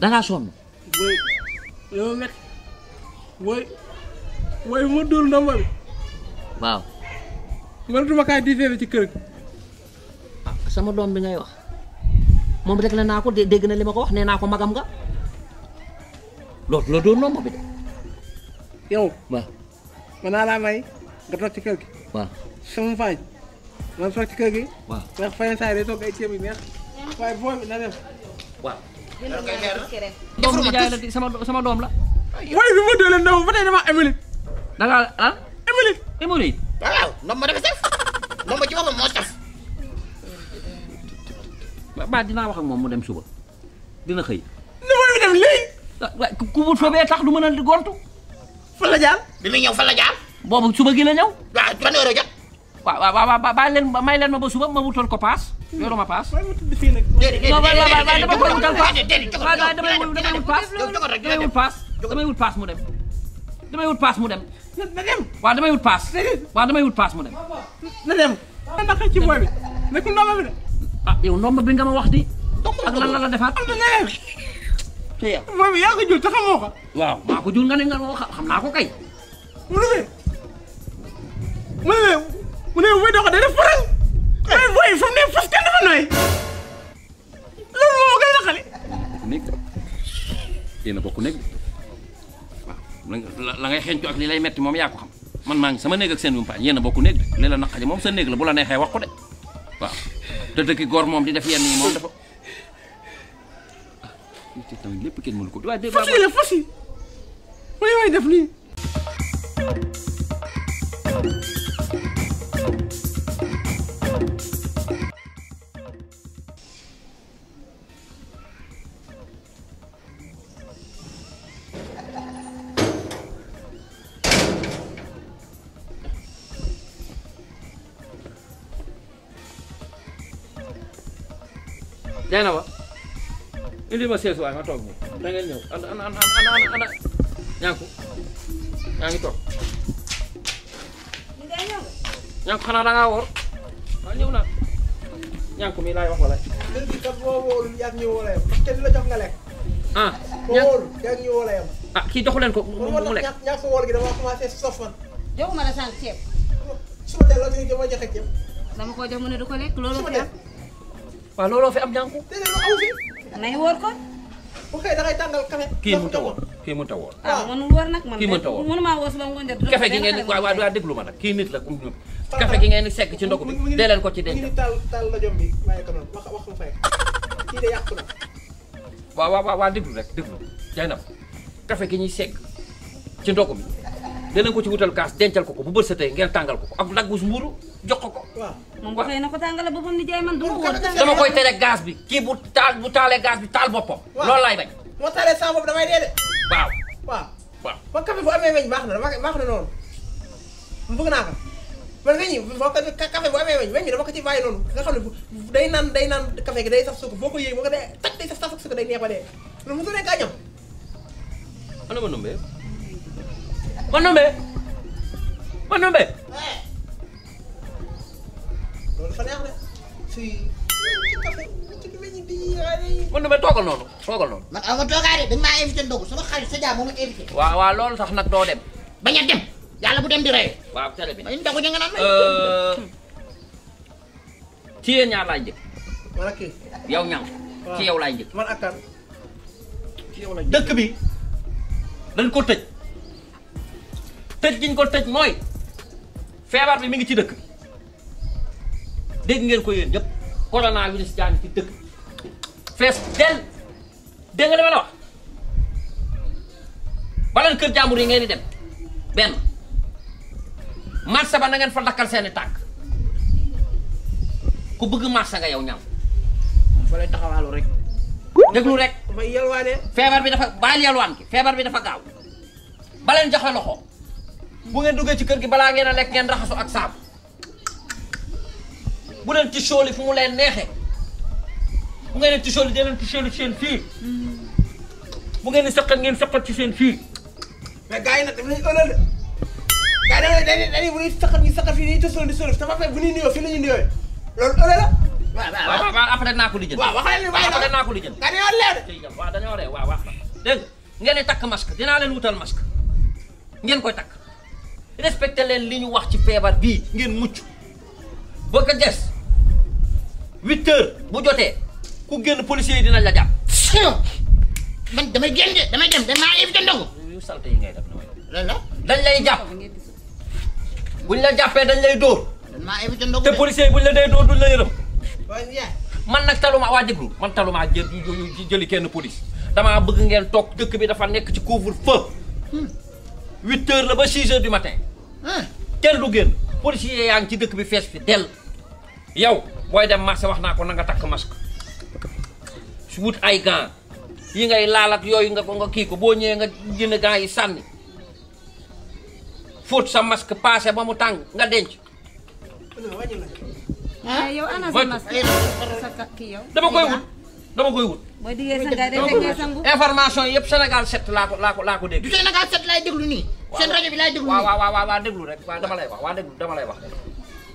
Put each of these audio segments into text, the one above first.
dangaa sonn. wóoy yow nag wóoy wóoy bu ma dóor ndamba bi. waaw. man duma kaa diitee la ci kër gi. sama doom bi ngay wax moom rek la naa ko dégg na li ma ko wax naa ko magam nga loolu la doon bi de. yow. waaw mën naa laa may nga toog ci kër sama faaj man waaye booy bi na dem. waaw. jënd sama sama doom la. moo saf. ba dinaa wax ak moom mu dem suba dina xëy. ni muy dem léegi. waaw ku wut fa tax du mën a gontu. fan la jaar. bi muy ñëw fan la jaar. boobu suba gi la ñëw. waaw ban heure jot. waaw waaw ba bàyyi leen may leen ma ba suba ma wutal ko paas. yoru ma paas. waaw waaw dama koy wutal paas. waaw damay wut paas damay wut paas damay wut paas mu dem. damay wut paas mu dem. na dem waaw damay wut paas. waaw damay wut paas mu dem. na dem. na naka ci booy bi nekkul ndox mi de. ah yow ndomb bi nga ma wax di. ak lan la la defaat. am na leneen. te yow moom yaa ko jur te xamoo waaw maa ko nga ne nga ma xam naa ko kay. mu ne mu ne mu ne muy dox day eh. eh, mu ne fas kenn a xale. nekk yéen a bokk la ngay xeeñtu ak li lay metti moom yaa ko xam man maa ngi sama néeg seen yumpaañ yéen a bokk néeg de li la naqaje moom sa néeg la bu la neexee wax ko de. te dëkki góor moom di def yenn yi moom dafa. ah te tamit lépp kenn mënu ko. waaye dégg nga fas yi la fas yi. mooy def nii. jay na ba indi ma sees waay ma toog moom da ngeen ñëw ana ana xanaa da woor waaw ñëw naa ñaanku mi laay wax wala. léegi kat a yem parce que du la jox nga lekk. ah ña boo a yem. ah kii ko mu lekk ña ña gi dama commencé sof man. la sànq ceeb. su ma delloo dama joxe ko jox mu ne du ko lekk loolu. su ma waaw looloo fi am ñànku. déedéet lu aw fi. nay woor kon. bu xëyee da ngay tàngal kafe. kii mënut a woor kii mënut a woor. waaw mënul woor nag man de mënuma woor suba ngoon de. kafe gi ngeen ni waaw waaw déglu ma nag kii nit la comme ñun. kafe gi ngeen ni sekk ci ndogu bi dee leen ko ci denc. mu ngi taal bi waaye ko noonu wax wax ko fay na. waaw waaw waaw déglu rek déglu jaay na kafe gi ñuy sekk ci ndogu bi danañ ko ci wutal kaas dencal ko ko bu bët sa tey ngeen tàngal ko ko ak daggus mburu jox ko ko. waaw moom waxee na ko tàngale boppam ni jaay man. dama koy tere gaz bi kii bu taal bu taalee gaz bi taal boppam. loolu laay bañ. moo taalee sama bopp damay dee de. waaw. waaw waaw. ba café bu amee weñ baax na baax na noonu bëgg naa ko man weñ yi boo ko café bu amee weñ weñ bi dama ko ci bàyyi noonu nga xam ne day naan day naan café gi day saf suukar boo ko yëy boo ko dee tag day saf saf suukar day neex ba dee loolu mosu nekk añam. ana ma numbee Manombe Manombe. loolu fa neex noonu toogal noonu. man aw ma toogaaree dañ maa invité ndogu sama xarit sa jaa moom invité. waaw waaw loolu sax nag doo dem. bañ a dem yàlla bu dem di rey. waaw télé bi dañu ndogu ñu nga naan may. Euh, ci yéen laay njëkk. yow ñaŋ. dëkk bi dañ ko tëj. tëj giñ ko tëj mooy feebar bi mi ngi ci dëkk dégg ngeen ko yéen ñëpp coronavirus jaa ngi ci dëkk fees del dégg nga li ma la kër jàmbur yi ngeen di dem benn marché ba na ngeen fa dakkal seeni tànk ku bëgg marché nga yow ñam fa lay taxawaalu rek déglu rek may yelwaane feebar bi dafa bàyyi yelwaan ki feebar bi dafa gaaw baleen joxe loxo bu ngeen duggee ci kër gi balaa ngeen a lekk ngeen raxasu ak saabu bu leen ci sooli fu mu leen neexee bu ngeen ci sooli dee leen ci sooli seen fii bu ngeen di sëqat ngeen sëqat ci seen fii. mais gars yi nag daf leen ëllëg gars yi dañuy dañuy bu ñuy sëqat te sooli di sooli sama fay bu ñuy nuyoo fii la ñuy nuyoo loolu ëllëg la. waaw waaw waaw après naa ko lijjanti. waaw wax leen waaye après naa ko lijjanti. nga ne yow leer waaw dañoo reer waaw waaw dégg nga ngeen di takk masque dinaa leen wutal masque ngeen koy takk. respecté leen li ñu wax ci feebar bii ngeen mucc ba ko des huit heures bu jotee ku génn policier yi dinañ la jàpp. man damay génn de damay dem damaa éviter ndogu. ngay def loolu la dañ lay jàpp buñ la jàppee dañ lay dóor. damaa éviter ndogu te policier yi buñ la dee dóor duñ la yërëm. man nag taluma waa déglu man taluma jël jëli kenn police damaa bëgg ngeen toog dëkk bi dafa nekk ci couvre feu. Hmm. huit heures la ba six heures du matin kenn du génn policier yaa ngi ci dëkk bi fees fi dell yow booy dem marché wax naa ko na nga takk masque su wut ay gants yi ngay laal yooyu nga ko nga kii ko boo ñëwee nga jënd gants yi sànni fóot sa masque passé ba mu tàng nga denc eh, yow ana koy wut dama koy wut. boo diggee sangaay day fekk sangu information yëpp Sénégal set laa ko laa ko laa ko dégg. du Sénégal 7 laay déglu nii. seen rajo bi laay déglu nii waaw waaw waaw déglu rek waaw dama lay wax waaw déglu dama lay wax.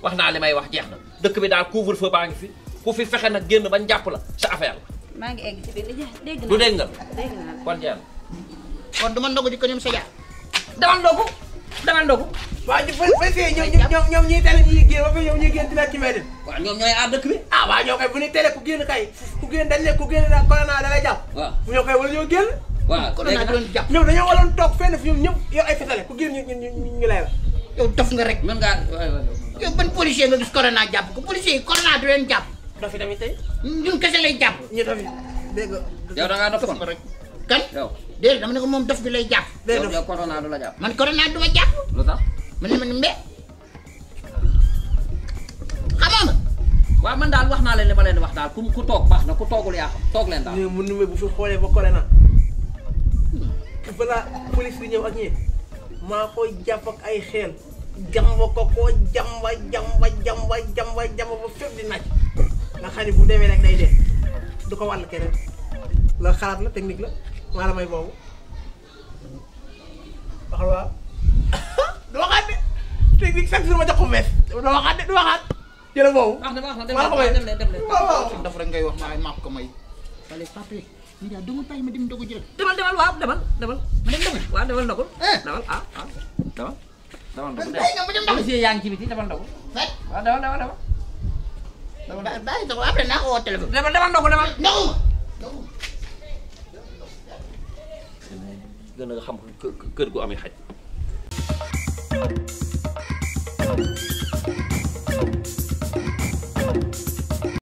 wax naa li may wax jeex na dëkk bi daal couvre feu baa ngi fi ku fi fexe nag génn ba jàpp la sa affaire la. maa ngi egg ci biir dégg naa du dégg nga. dégg naa kon na. kon du ma ndogu di ko ñoom sa jaar. dama ndogu dama waaw ñu fa fa see ñoom ñoom ñoom ñuy tele ñuy génn ba fa ñoom ñuy génn di nekk ci mbedd bi. waaw ñoom ñooy aar dëkk bi. ah waaw ñoo koy bu ñu tele ku génn kay ku génn dañ ne ku génn nag corona da lay jàpp. waaw ñoo koy wala ñoo génn. waaw corona da doon jàpp ñoom dañoo waroon toog fenn fi ñoom ñëpp yow ay fetale ku génn ñu ñu ñu ñu lay la. yow dof nga rek. mën ngaa yow ban policier nga gis corona jàpp ko policier yi corona du leen jàpp. dof yi tamit tey. ñun kese lay jàpp. ñu dof yi dégg nga. yow da ngaa dof kon rek kan. yow déedéet dama ne ko moom dof bi lay jàpp. déedéet yow corona du la jàpp. man corona du ma jàpp. lu tax man ne ma ne mbee xamaa waaw man daal wax naa leen li leen wax daal ku ku toog baax na ku toogul yaa xam toog leen daal. mu numé bu fi xoolee ba kole na balaa hmm. police bi ñëw ak ñi maa koy jàpp ak ay xeel jamba ko koo jamba jamba jamba jamba ba fépp di naaj nga xam bu demee rek day dee du ko wàll keneen la xalaat la technique la maa la may boobu wax waaw du waxaat technique chaque jour ma jox ko bees du waxaat de du waxaat jële boobu. wax na wax na dem leen dem leen waaw waaw daf rek ngay wax maa maap ko may. wala papi ñu daal dama tay ma dem dogu jël. demal demal waaw demal demal. ma dem demal waaw demal ndogul. Eh. demal ah ah demal. demal ndogul de monsieur yaa ngi ci biti demal ndogul. waaw demal demal demal. demal ba bàyyi ndogul après naa ko woo téléphone. demal demal ndogul demal. ndogu. gën a xam kër gu amee xaj.